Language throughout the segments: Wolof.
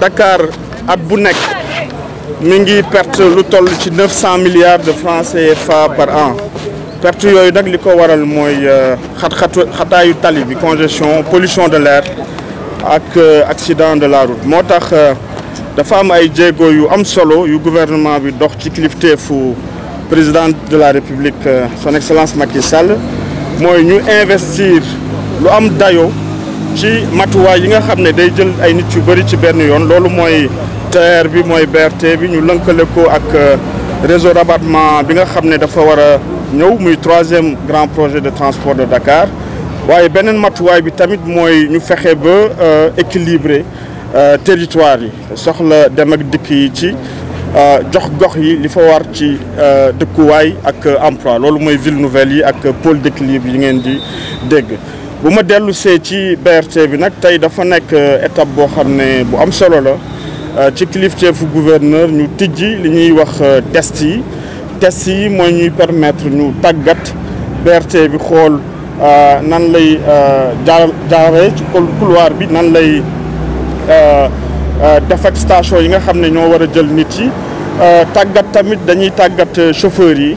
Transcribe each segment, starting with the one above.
Dakar at bu nekk mi perte lu toll milliards de francs CFA par an perte yoyu nak liko ko waral mooy khat euh, yu congestion pollution de l'air ak euh, accident de la route motax euh, dafa am ay djego yu am solo yu gouvernement bi dox ci président de la république son excellence Macky Sall moy ñu investir lu am dayo ci matuwaay yi nga xam day jël ay nit yu bari ci benn yoon loolu moy terre bi moy BRT bi ñu lënkale ko ak euh, réseau rabattement bi nga xam dafa wara ñew muy 3 troisième grand projet de transport de Dakar waye benen matuwaay bi tamit moy ñu fexé ba euh, équilibré euh, territoire yi soxla dem ak dikk yi ci jox gox yi li fa war ci dëkkuwaay ak emploi loolu moy ville nouvelle yi ak pôle d'équilibre yi ngeen di dégg bu ma dellu see ci BRT bi nag tey dafa nekk euh, étape boo xam ne bu am solo la euh, ci kilifteefu gouverneur ñu tijji li ñuy wax euh, test yi test yi mooy ñuy permettre ñu tàggat BRT bi xool nan lay jaar jaaree ci couloir bi nan lay def ak station yi nga xam ne ñoo war a jël nit yi tàggat tamit dañuy tàggat chauffeur yi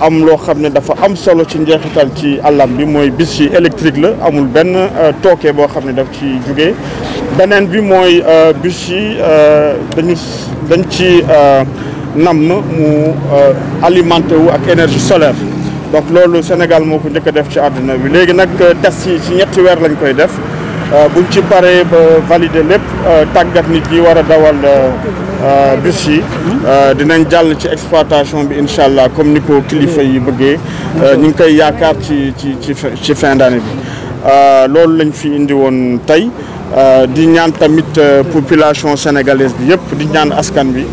am lo xamne dafa am solo ci njeexital ci alam bi moy bis ci électrique la amul ben toke bo xamne daf ci jugge benen bi moy bis ci dañu dañ ci nam mu alimenter wu ak énergie solaire donc lolu Sénégal moko ko def ci aduna bi légui nak test ci ñetti wër lañ koy def Euh, buñ ci paree ba valider lépp euh, tàggat nit yi war a dawal euh, bus yi dinañ jàll ci exploitation bi incha allah comme ni ko kilifa yi bëggee ñu ngi koy yaakaar ci ci ci ci fin d'année bi loolu lañ fi indi woon tey di ñaan tamit population sénégalaise bi yëpp di ñaan askan bi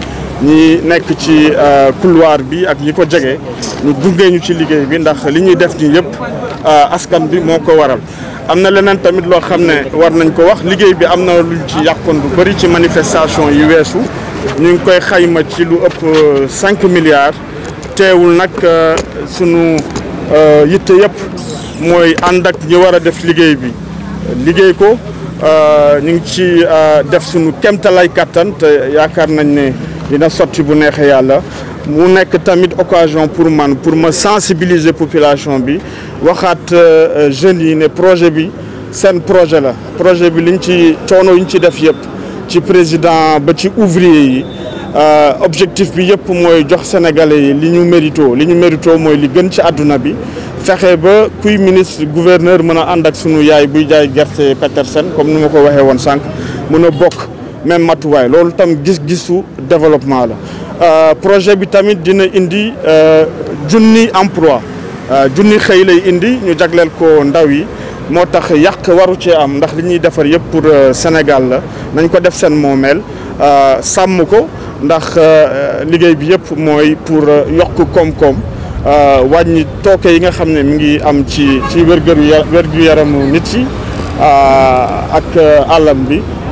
ñi nekk ci couloir bi ak ñi ko jege ñu gunge ñu ci liggéey bi ndax li ñuy def nii yëpp askan bi moo ko waral am na leneen tamit loo xam ne war nañ ko wax liggéey bi am na luñ ci yàqoon lu bëri ci manifestation yi weesu ñu ngi koy xayma ci lu ëpp euh, cinq milliards teewul nag euh, sunu euh, yitte yëpp mooy ànd ak ñi war a def liggéey bi liggéey ko ñu ngi ci def sunu kemtalay kàttan te yaakaar nañ ne dina sotti bu neexee yàlla mu nekk tamit occasion pour man pour me sensibiliser population bi waxat euh, euh, jeune yi ne projet bi seen projet la projet bi liñ ci choono yiñ ci def yépp ci président ba ci ouvrier yi euh objectif bi yépp moy jox sénégalais yi liñu mérito liñu mérito moy li gën ci aduna bi fexé ba kuy ministre gouverneur mën a ànd ak sunu yaay bu jaay gerte Petersen comme ni ko waxé won sank mën a bokk même matuwaay lolou tam développement la euh, projet bi tamit dina indi euh, junni emploi euh, junni xëy lay indi ñu ko ndaw yi motax yak waru ci am ndax li pour Sénégal la nañ ko def momel euh ko ndax bi pour yokk kom nga mi ngi am ci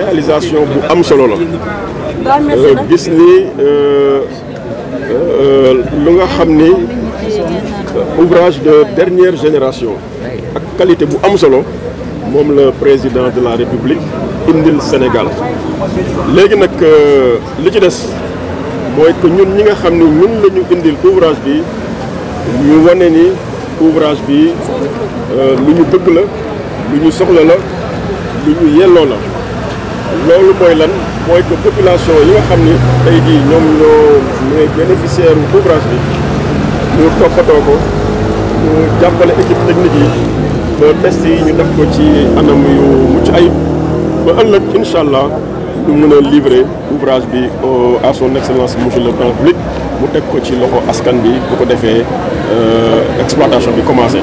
réalisation bu am solo la euh, gis ni euh, euh, lu nga xam ni ouvrage de dernière génération ak qualité bu am solo moom le président de la république indil Sénégal léegi nag li ci des mooy que ñun ñi nga xam ni ñun la ñu indil ouvrage bi ñu wane ni ouvrage bi lu ñu bëgg la lu ñu soxla la lu ñu yelloo la loolu mooy lan mooy que population yi nga xam ni tey jii ñoom ñoo ñooy bénéficiaire ouvrage bi ñu toppatoo ko ñu jàppale équipe technique yi ba test yi ñu def ko ci anam yu mucc ayib ba ëllëg incha allah ñu mën a livrer ouvrage bi à son excellence monsieur le président public mu teg ko ci loxo askan bi bu ko defee euh, exploitation bi commencé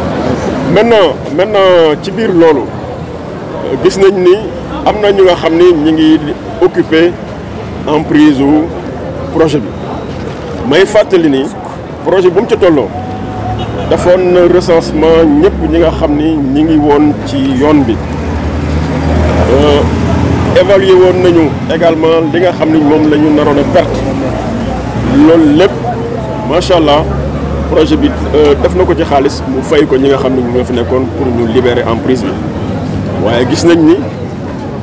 maintenant maintenant ci biir loolu gis nañ ni amna ñu nga xamni ñi ngi occupé en prise projet bi may fàttali ni projet bu mu ci tollo defoon recensement ñëpp ñi nga xamni ñi ngi won ci yoon bi euh, évaluer won nañu également li nga xamni ni lañu la ñu perte loolu lepp machallah projet bi euh, def na ko ci xaalis mu fay ko ñi nga xamni ni fi nekkoon pour ñu libérer en prison. bi waaye gis nañ ni.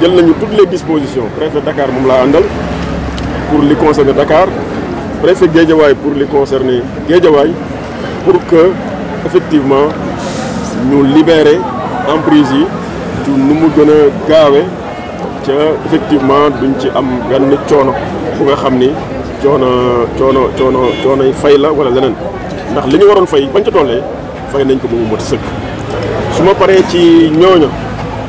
jël nañu toutes les dispositions préfet de Dakar moom l'a àndal pour li concerner Dakar préfet Guédiawaye pour les concerner Guédiawaye pour que effectivement nous libérer en prison. ci nous mu gën a gaawe effectivement duñ ci am benn choono bu nga xamni choono choono choono coono fay la wala leneen ndax li ñu waroon fay bañ ci tollé fay nañ ko ba mu mot sëkk suma paré ci ñooña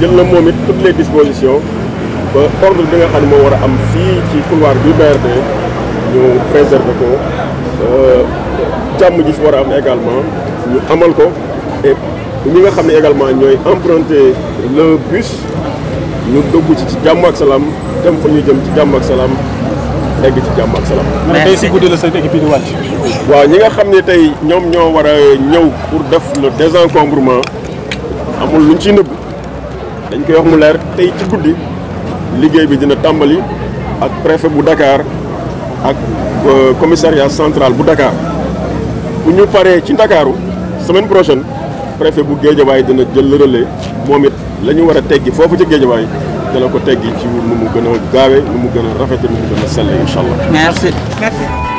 jël na moom it toutes les dispositions ba ordre bi nga xam ne moo war a am fii ci couloir bi BRT ñu préserver ko euh, jàmm ji fi war a am également ñu amal ko et ñi nga xam ne également ñooy emprunter le bus ñu dugg ci ci jàmm ak salaam dem fa ñu jëm ci jàmm ak salaam egg ci jàmm ak salaam. si guddi la seen équipe yi wàcc. waaw ñi nga xam ne tey ñoom ñoo war a ñëw pour def le désencombrement amul luñ ci nëbb. dañ koy wax mu leer tey ci guddi liggéey bi dina tàmbali ak préfet bu Dakar ak euh, commissariat central bu Dakar bu ñu paree ci Ndakaaru semaine prochaine préfet bu Géejawaay dina jël relais moom it la ñu war a teggi foofu ci Géejawaay dana ko teggi ci nu mu gën a gaawee nu mu gën a rafete nu mu gën a selle incha allah. merci merci.